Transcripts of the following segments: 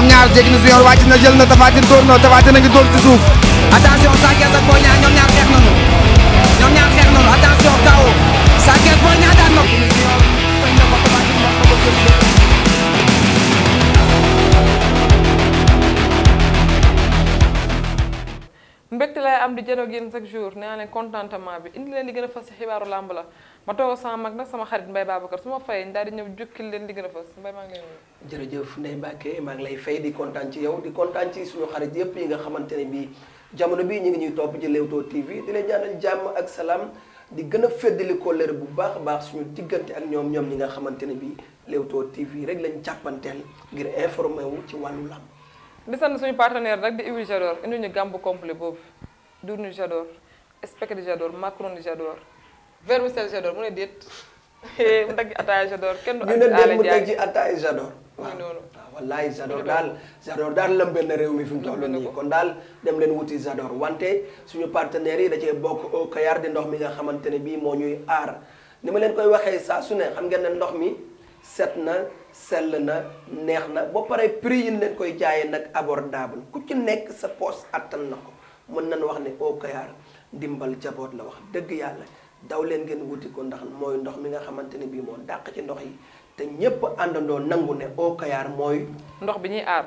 ñoom ñaar jéggi na si yoon wàcc na jël na Tapha Tine dóor na Tapha Tine a ngi dóor ci suuf attention Sa Thiès ak Boy Niang ñoom ñaar xeex bi jaroog yéen chaque jour nee naa leen contentement bi indi leen li gën a fës ci xibaaru làmb la ma toog sama mag nag sama xarit Mbaye Babacar su ma fayee ñu di ñëw jukkil leen li gën a fës Mbaye maa ngi lay nuyu. fay di kontaan ci yow di kontaan ci suñu xarit yépp yi nga bii jamono bii ñu ngi ñuy topp ci Leewtoo TV di leen ñaanal jàmm ak salaam di gën a féddali kóllëre bu baax a baax suñu diggante ak ñoom ñoom ñi nga xamante ne bii Leewtoo TV rek lañ jàppanteel ngir informé wu ci wàllu làmb di sant suñu partenaire rek di Iwi Jador indi boobu dunu j'adore spaghetti j'adore macaroni j'adore vermicelle j'adore mu ne déet eh, mu dagg ataaya j'adore kenn du. ñu ne déet mu dagg daal j'adore daal lëmbee réew mi fi mu toll nii kon daal dem leen wuti j'adore wante suñu partenaires yi da cee bokk Kayar di ndox mi nga xamante ne bii moo ñuy aar ni ma leen koy waxee saa su ne xam ngeen ne ndox mi set na sell na neex na ba pare prix yi leen koy jaayee nag abordable ku ci nekk sa poche attan na ko. mën nañu wax ne au ndimbal jaboot la wax dëgg yàlla daw leen ngeen wuti ko ndax mooy ndox mi nga xamante ne bii moo dàq ci ndox yi te ñépp àndandoo nangu ne au Kayar mooy ndox bi ñuy aar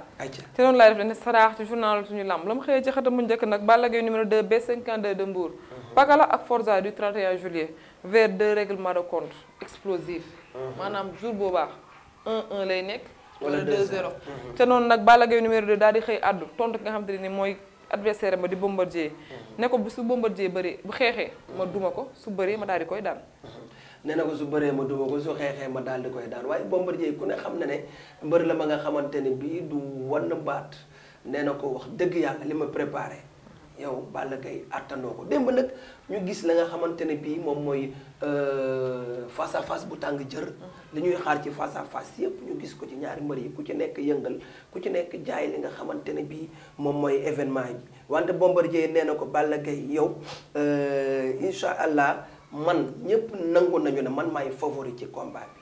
te noonu laay def dane saraax ci journal suñu làmb la mu xëyee ci xëtam mu njëkk nag Balla Gaye numéro 2 B52 de Mbour mhm. Pakala ak Forza du a juillet vers deux règlements de compte explosif mhm. maanaam jour boobaa 1-1 lay nekk wala 2-0 mhm. te noonu nag Balla adversaire ma di bombardier ne ko bu su bombardier bëree bu xeexee ma duma ko su bëree ma daal di koy daan nee na ko su bëree ma duma ko su xeexee ma daal di koy daan waaye bombardier ku ne xam na ne mbër la ma nga xamante ne bii du wann baat nee na ko wax dëgg yàlla li ma préparé yow Balla Gaye àttanoo ko démb nag ñu gis la nga xamante ne bii moom mooy euh, face à face bu tàng jër. Mm-hmm. li ñuy xaar ci face à face yëpp ñu gis ko ci ñaari mbër yi ku ci nekk yëngal ku ci nekk jaay li nga xamante ne bii moom mooy événement yi wante Bombardier nee na ko Balla Gaye yow euh, incha allah man ñëpp nangu nañu ne man maay favori ci komba bi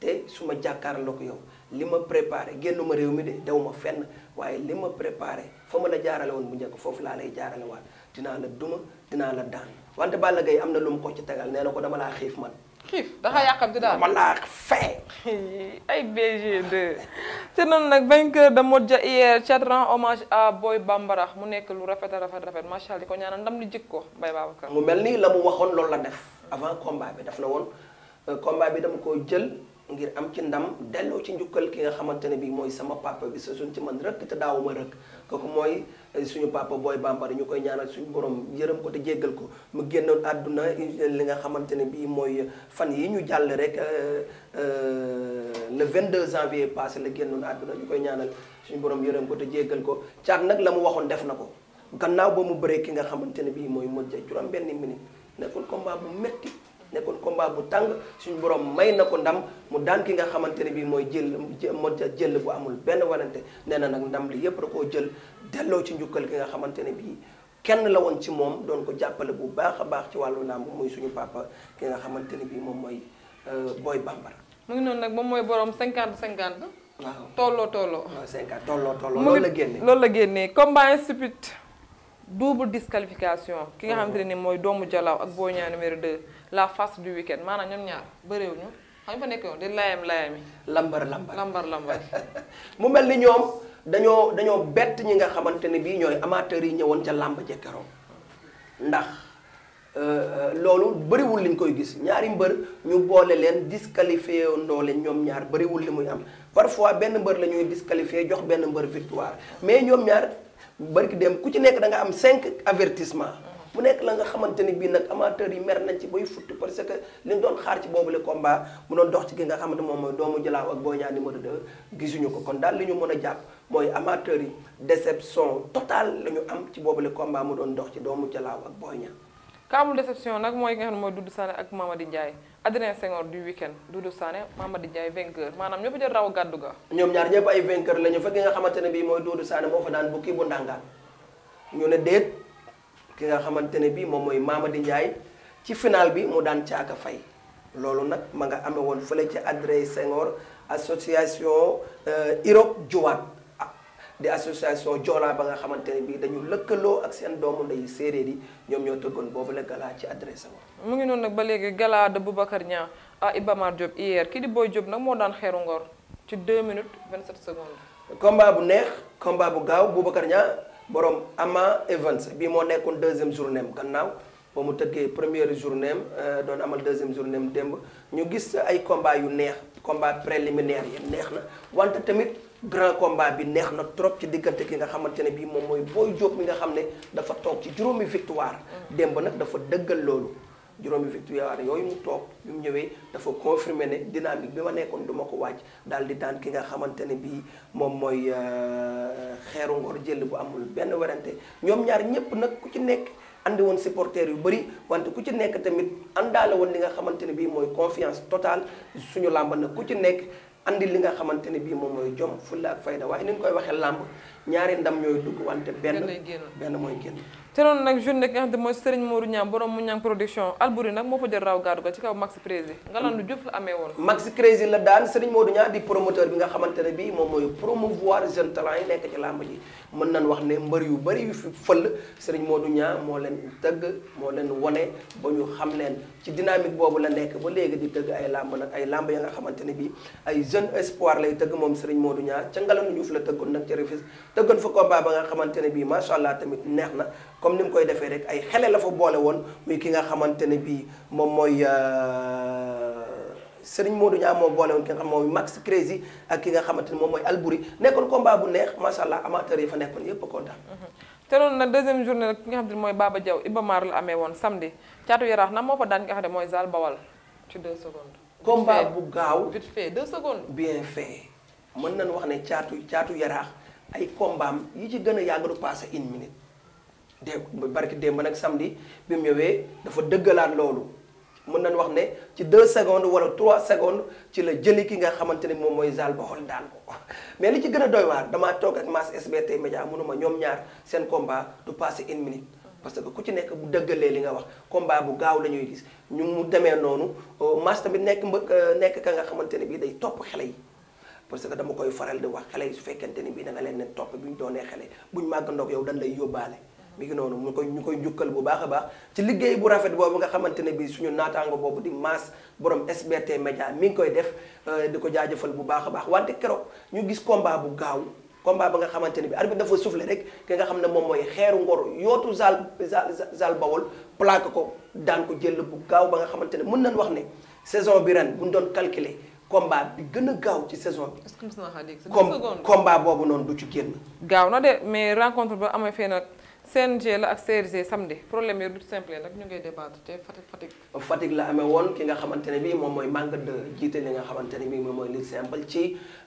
te su ma jàkkaarloo ko yow. li ma préparé génnuma réew mi de dew ma fenn waaye li ma préparé foofu ma la jaarale woon bu njëkk foofu laa lay jaarale waat dinaa la duma dinaa la daan wante Balla gay am na lu mu ko ci tegal nee na ko dama laa xiif man. xiif dafa yàqam di daal dama ay BG2 te noonu nag vainqueur de Modja hier Thiat rend hommage à Boy Bambara mu nekk lu rafet a rafet rafet macha allah di ko ñaanal ndam li jik ko Mbaye Babacar. mu mel nii la mu waxoon loolu la def avant combat bi daf la woon euh, bi dama ko jël. ngir am ci ndam delloo ci njukkal ki nga xamante ne bii mooy sama papa bi sa suñ ci man rëkk te daawuma rëkk kooku mooy eh, suñu papa booy bambara ñu koy ñaanal suñu borom yërëm ko te jéggal ko mu génnoon àdduna li nga xamante ne bii mooy fan yi ñu jàll rek eh, eh, le 22 janvier passé la génnoon àdduna ñu koy ñaanal suñu borom yërëm ko te jéggal ko caat nag la mu waxoon def na ko gannaaw ba mu bëree ki nga xamante ne bii mooy mojja juróom benn minute nekkul combat bu metti nekkoon combat bu tàng suñu borom may na ko ndam mu daan ki nga xamante ne bii mooy jël mo jël bu amul benn wanante nee nag ndam li yëpp da koo jël delloo ci njukkal ki nga xamante ne bii kenn la woon ci moom doon ko jàppale bu baax a baax ci wàllu làmb muy suñu papa ki nga xamante ne bii moom mooy euh, Boy Bambara. mu ngi noonu nag moom mooy borom cinquante cinquante waaw tolloo tolloo. waaw 50 tolloo tolloo. loolu la génnee loolu la génnee combat sipit double disqualification ki nga xamante ne ni mooy doomu Jalaaw ak Boy Niang numéro 2 la face du week-end maanaam ñoom ñaar bëreewuñu xam fa nekk yoon di layam layam yi. lambar lambar lambar lambar. mu mel ni ñoom dañoo dañoo bett ñi nga xamante ne bii ñooy amateurs yi ñëwoon ca làmb jekkaroo ndax euh, euh, loolu bëriwul liñ koy gis ñaari mbër ñu boole leen disqualifié ndoo leen ñoom ñaar bëriwul li muy am parfois benn mbër la ñuy disqualifié jox benn mbër victoire mais ñoom ñaar. barki dem ku ci nekk danga am cinq avertissement mu nekk la nga xamante ni bii nag amateur yi mer nañ ci bay futt parce que li ñu doon xaar ci boobu boobule combat mu doon dox ci gi nga xamante moom mooy doomu jalaaw ak Boy Niang numéro 2 gisuñu ko kon daal li ñu mën a jàpp mooy amateur yi déception totale la ñu am ci boobu boobule combat mu doon dox ci doomu jalaaw ak Boy ka amul déception nag mooy nga xam ne mooy Doudou Sané ak Mamady Ndiaye Adrien du week-end Doudou Sané Mamady vainqueur maanaam ñëpp jël raw gàddu ga ñoom ñaar ñëpp ay vainqueur la ñu fekk nga ne bii moo fa daan bu kii bu ndàngaan ñu ne déet ki nga xamante ne bii moom mooy Mamady Ndiaye ci final bi mu daan caaka fay loolu nag ma nga amee woon fële ci Adrien Senghor association euh, Europe Jowat di association Joola ba nga xamante ne bii dañu lëkkaloo ak seen doomu ndeyu séeréer yi ñoom ñoo tëggoon boobu la gala ci adresse am. mu ngi noonu nag ba léegi gala de Boubacar Niang à Iba Mar Diop hier kii di Boy Diop nag moo daan xeeru ngor ci 2 minutes 27 secondes. combat bu neex combat bu gaaw Boubacar Niang boroom Ama Evans bi moo nekkoon deuxième journée am gannaaw. ba mu tëggee première journée euh, doon amal deuxième journée démb ñu gis ay yu neex combat préliminaire yi neex na grand combat bi neex na trop ci diggante ki nga xamante ne bii moom mooy booy Diop mi nga xam ne dafa toog ci juróomi victoire. Mm. démb nag dafa dëggal loolu. juróomi victoire yooyu mu toog bi mu ñëwee dafa confirmer ne dynamique bi ma nekkoon du ma ko wàcc daal di daan ki nga xamante ne bii moom mooy euh, xeeru ngor jël bu amul benn werante ñoom ñaar ñëpp nag ku ci nekk andi woon supporters yu bëri wante ku ci nekk tamit àndaale woon li nga xamante ne bii mooy confiance total suñu làmb nag ku ci nekk. andi li nga xamante ne bii moom mooy jom fulla ak fayda waaye ni ñu koy waxee làmb ñaari ndam ñooy dugg wante benn benn mooy génn te noonu nag journée nga xam ne mooy Serigne Modou Niang nag moo fa jël raw gaadu ga ci kaw Max Crazy nga lan lu jëf la amee woon Max Crazy la daan Serigne Modou Niang di promoteur bi nga xamante ne bii moom mooy promouvoir jeune talent yi nekk ci làmb ji mën nañ wax ne mbër yu bëri yu fi fëll moo du Niang moo leen tëgg moo leen wone ba ñu xam leen ci dynamique boobu la nekk ba léegi di tëgg ay làmb nag ay làmb ya nga xamante ne bii ay jeune espoir lay tëgg moom Serigne Modou Niang ca Ngalandou Diouf la tëggoon nag ca Réfis tëggoon fa combat ba nga xamante ne bii macha allah tamit neex na comme ni mu koy defee rek ay xele la fa boole woon muy ki nga xamante ne bii moom mooy euh, Serigne Modou Niang moo boole woon ki nga xam moom Max Crazy ak nga xamante ne moom mooy Albouri nekkoon combat bu neex macha allah amateur yi fa nekkoon yëpp a te loolu nag deuxième journée nag ki nga xam ne mooy Baba Diaw Iba Mar la amee woon samedi caatu yaraax nag moo fa daan nga xam ne mooy Zal Bawal ci deux secondes. bu gaaw vite fait deux secondes. bien fait mën nañu wax ne caatu caatu yaraax ay combaam yi ci gën a yàgg du passé une minute. dé barki démb nag samedi bi mu ñëwee dafa dëggalaat loolu. mën nañ wax ne ci 2 secondes wala 3 secondes ci la jëli ki nga xamante ne moom mooy Zal Baol daan ko mais li ci gën a doy waar damaa toog ak Mass SBT Média mënuma ñoom ñaar seen combat du passé une minute. parce que ku ci nekk bu dëggalee li nga wax combat bu gaaw la ñuy gis ñu mu demee noonu euh, Mass tamit nekk mbë euh, nekk ka nga xamante ne bii day topp xale yi. parce que dama koy faral di wax xale yi su fekkente ni bii da nga leen ne topp bi ñu doonee xale bu ñu màggandoog yow dañ lay yóbbaale. mi ngi noonu mu koy ñu koy njukkal bu baax a baax ci liggéey bu rafet boobu nga xamante ne bi suñu naataango boobu di maas borom SBT Média mi ngi koy def euh, di ko jaajafal bu baax a baax wante keroog ñu gis combat bu gaaw combat ba nga xamante ne bi arbitre dafa soufflé rek ki nga xam ne moom mooy xeeru ngoro yootu saal zal bawol plaque ko daan ko jël bu gaaw ba nga xamante ne mën nañ wax ne saison bi ren buñ doon calculer combat bi gën a gaaw ci saison bi. est que mos naa xaar dégg combat boobu noonu du ci génn. gaaw na CNG la ak CRG samedi problème yooyu du simple nag ñu ngay débattre te Fatick Fatick Fatick la amee woon ki nga xamante ne bii moom mooy manque de jiite li nga xamante ne bii moom mooy lutte simple ci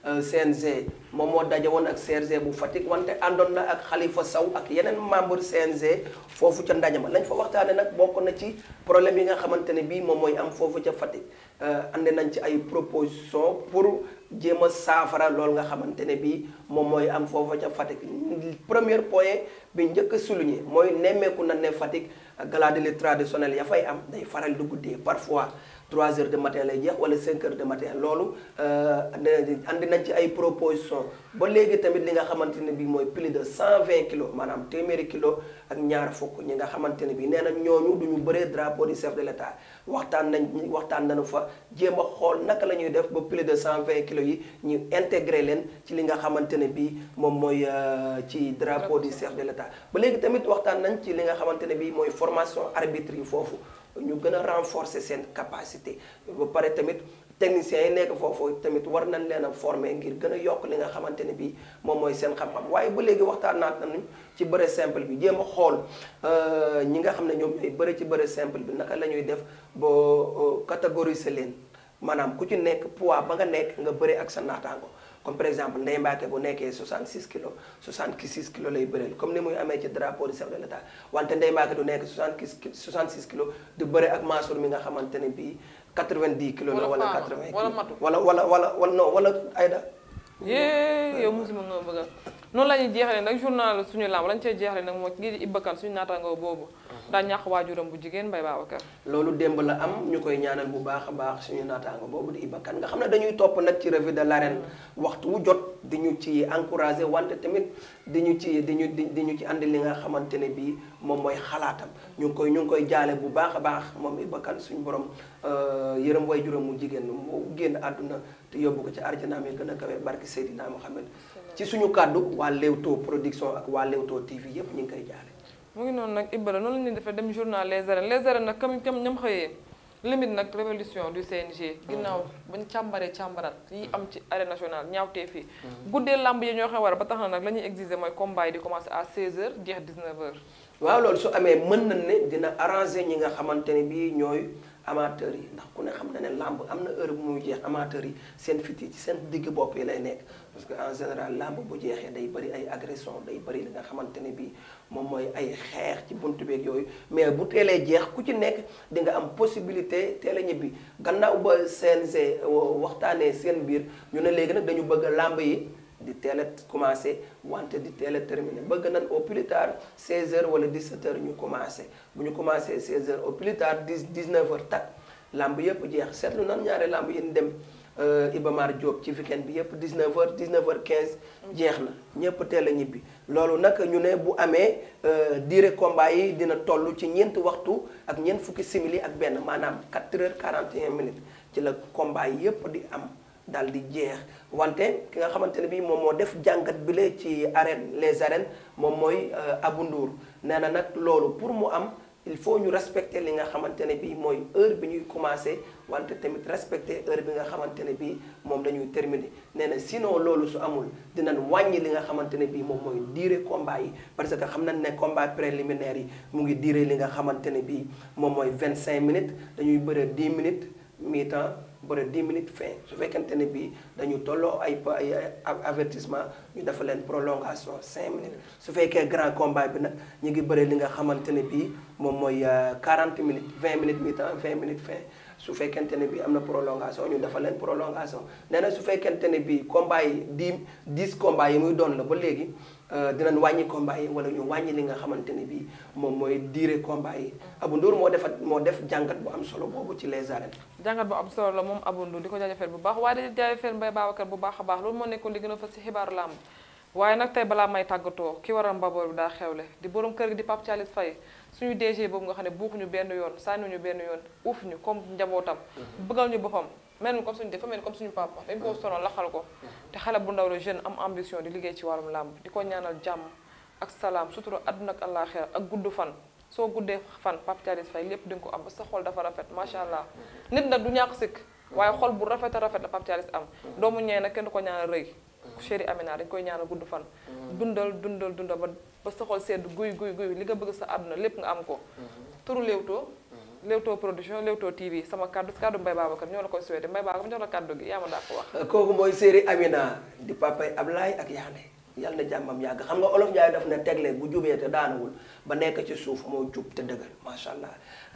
euh, CNG moom moo daje woon ak CRG bu Fatick wante àndoon na ak Khalifa Sow ak yeneen membre CNG foofu ca ndaje ma lañ fa waxtaane nag bokk na ci problème yi xamante ne bii moom mooy am foofu ca Fatick ànd euh, nañ ci ay proposition pour jéem a saafara loolu nga xamante ne bii moom mooy am foofa ca Fatick premier point bi njëkk a souligné mooy nemmeeku na ne Fatick gala de lutte traditionnel ya fay am day faral di guddee parfois 3 heures de matin lay jeex wala 5 heures de matin loolu euh, nañ ci ay proposition ba léegi tamit li nga xamante ne bii mooy plus de 120 kilos maanaam téeméeri kilo ak ñaar fukk ñi nga xamante ne bii nee na ñooñu du ñu bëree drapeau du chef de l'état waxtaan nañ waxtaan nañu fa jéem a xool naka la ñuy def ba plus de 120 kilos yi ñu intégré leen ci li nga xamante ne bii moom mooy euh, ci drapeau du chef de l'état ba léegi tamit waxtaan nañ ci li nga xamante ne bii mooy formation arbitre yi foofu ñu gën a renforcer seen capacité ba pare tamit techniciens yi nekk foofu tamit war nañ leen a former ngir gën a yokk li nga xamante ne bii moom mooy seen xam-xam waaye ba léegi waxtaan naat nañu ci bëre simple bi jéem a xool euh, ñi nga xam ne ñoom ñooy bëre ci bëre simple bi naka la ñuy def ba euh, catégoriser leen maanaam ku ci nekk poids ba nga nekk nga bëri ak sa naataango. comme par exemple Ndeye Mbacke bu nekkee 66 kilos 66 kilos lay bëreel comme ni muy amee ci drapeau du chef de l'État wante Ndeye Mbacke du nekk 66 66 kilos di ak Mansour mi nga xamante ne bii 90 kilos la wala 80 kilos wala wala wala wala non wala ayda yee yow musuma nga bëgg noonu la jeexale jeexalee nag journal suñu lamb lañ cee jeexalee nag mooy lii di Iba Kane suñu naataangoo boobu mhm. daa ñàkk waajuram bu jigéen bay Mbaye Babacar loolu démb la am ñu koy ñaanal bu baax a baax suñu naataango boobu di Iba Kane nga xam ne dañuy topp nag ci revue de l'arène mhm. waxtu wu jot di ñu ci encouragé wante tamit di ñu ci di ñu di ñu ci andi li nga xamante ne bii moom mooy xalaatam mhm. ñu koy ñu ngi koy jaale bu baax a baax moom Iba Kane suñu borom euh, yërëm waajuram mu jigéen mu génn àdduna te yóbbu ko ci arjana mi gën a kawe barki Seydina Mohamed ci suñu kàddu waa Leewtoo production ak waa Leewtoo TV yépp ñu ngi koy jaale mu ngi noonu nag Ibra noonu la ñuy defee dem journal Les Arènes Les Arènes nag kam kam ñam xëyee limite nag révolution du CNG ginnaaw mm-hmm. bañ càmbaree càmbaraat yi mm-hmm. am ci arène nationale ñaawtee fii mm-hmm. guddee lamb yi ñoo xew war ba tax na nag la ñuy exiger mooy combat yi di commencer à 16h jeex 19h waaw loolu su amee mën nañ ne dina arranger ñi nga xamante ne bii ñooy amateur yi ndax ku ne xam na ne làmb am na heure bu muy jeex amateur yi seen fiti ci seen digg bopp yi lay nekk parce que en général làmb bu jeexee day bari ay agression day bëri li nga xamante ne bii moom mooy ay xeex ci buntu beeg yooyu mais bu teelee jeex ku ci nekk di am possibilité teel a ñibbi gannaaw ba CNG euh, waxtaanee seen biir ñu ne léegi nag dañu bëgg làmb yi di teel a commencé wante di teel a terminé bëgg nañ au plus tard 16h wala 17h ñu commencé bu ñu commencé 16h au plus tard 10 19h tàkk lamb yëpp jeex seetlu nan ñaari lamb yi dem euh, Iba Mar Diop ci weekend bi yëpp 19h 19h15. jeex na ñëpp teel a ñibbi loolu nag ñu ne bu amee euh, durée combat yi dina toll ci ñeenti waxtu ak ñeent fukki simili ak benn maanaam 4h41 minutes ci la combat yi yëpp di am. daal di jeex wante ki nga xamante ne bii moom moo def jàngat bi la ci arène les arènes moom mooy euh, Abou Ndour nee na nag loolu pour mu am il faut ñu respecter li nga xamante ne bii mooy heure bi ñuy commencer wante tamit respecter heure bi nga xamante ne bii moom dañuy terminer nee na sinon loolu su amul dinañ wàññi li nga xamante ne bii moom mooy durée combat yi parce que xam nañ ne combat préliminaire yi mu ngi durée li nga xamante ne bii moom mooy vingt cinq minutes dañuy bëre dix minutes. mi-temps bëre 10 minutes fin su fekkente ne bii dañu tolloo ay ay avertissement ñu dafa leen prolongation cinq minutes su fekkee grand combat bi nag ñu ngi bëri li nga xamante ne bii moom mooy 40 euh, minutes 20 minutes mi-temps 20 minutes fin su fekkente ne bii am na prolongation ñu dafa leen prolongation nee na su fekkente ne bii combat yi 10 10 yi muy doon la ba léegi. Euh, dinañ wàññi combat yi wala ñu wàññi li nga xamante ni bii moom mooy diire combat yi. Abou Ndour moo defat moo def jàngat bu am solo boobu ci les arènes. jàngat bu am solo la moom Abou Ndour di ko jaajëfal bu baax waaye di jaajëfal Mbaye Babacar bu baax a baax loolu moo nekkoon di gën a fës ci xibaaru làmb waaye nag tey balaa may tàggatoo ki waral mbaboor bi daa xewle di boroom kër gi di Pape Thialis Faye suñu DG boobu nga xam ne buuxuñu benn yoon sànniwuñu benn yoon uuf ñu comme njabootam mm-hmm. bëggal boppam mel comme suñu dafa mel comme suñu papa dañ koo ah. sonal laxal ko ah. te xale bu ndaw la jeune am ambition di liggéey ci wàllum làmb di ko ñaanal jàmm ak salaam sutura àdduna ak àllaaxira ak gudd fan soo guddee fan Pape Thialis Faye lépp di nga ko am sa xol dafa rafet macha allah mm-hmm. nit nag du ñàkk sikk mm-hmm. waaye xol bu rafet rafet la am mm-hmm. doomu ñee nag kenn du ko ñaanal rëy chéri Amina dañ koy ñaanal gudd fan dundal dundal dundal ba ba sa sedd guy guy guy li nga bëgg sa àdduna lépp nga am ko turu Leewtoo Leewtoo production Leewtoo TV sama kaddu kaddu Mbaye Babacar ñoo la koy souhaité Mbaye Babacar ñoo la kaddu gi yaa ma daa ko wax. kooku mooy séeri Amina ak Yaane yàlla na jàmmam yàgg xam nga olof Njaay daf ne tegle bu jubee te daanuwul ba nekk ci suuf moo jub te dëgër macha allah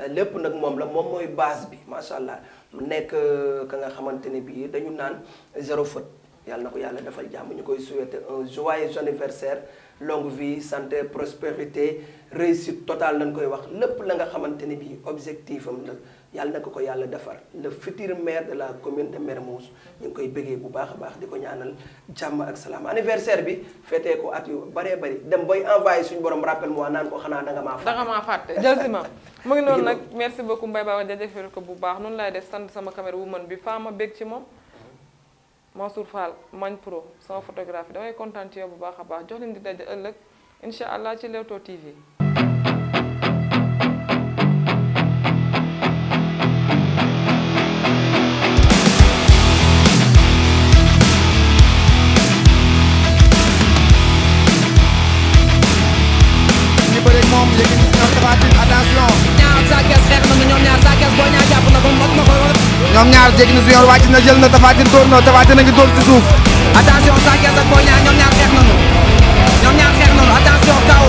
lépp nag moom la moom mooy baas bi macha allah mu nekk euh, ka nga xamante ne bii dañu naan zero faute yàlla na ko yàlla defal jàmm ñu koy souhaité un joyeux anniversaire. longue vie santé prospérité réussite total nañ koy wax lépp la nga xamante ni bii objectif am na yàlla na ko ko yàlla defar le futur maire de la commune de Mermoz ñu ngi koy bëggee bu baax a baax di ko ñaanal jàmm ak salaam anniversaire bi feetee ko at yu baree bari dem booy envoyé suñu borom rappel moi naan ko xanaa danga maa fàtte. danga maa fàtte jazima mu ngi noonu nag merci beaucoup Mbaye ma jaajëfal ko bu baax noonu laay de sant sama caméra woman bi faa ma bég ci moom. Mansour Fall Magne Pro sama photographie damay kontaan yow bu baax a baax jox leen di daje ëllëg incha allah ci Leewtoo TV. ñoom ñaar jéggi na junior wàcc jël na tafaatin dóor na tafaatin a ngi dóor ci suuf attention Sa Thiès ak Boy Niang ñoom ñaar xeex nañu ñoom ñaar xeex nañu attention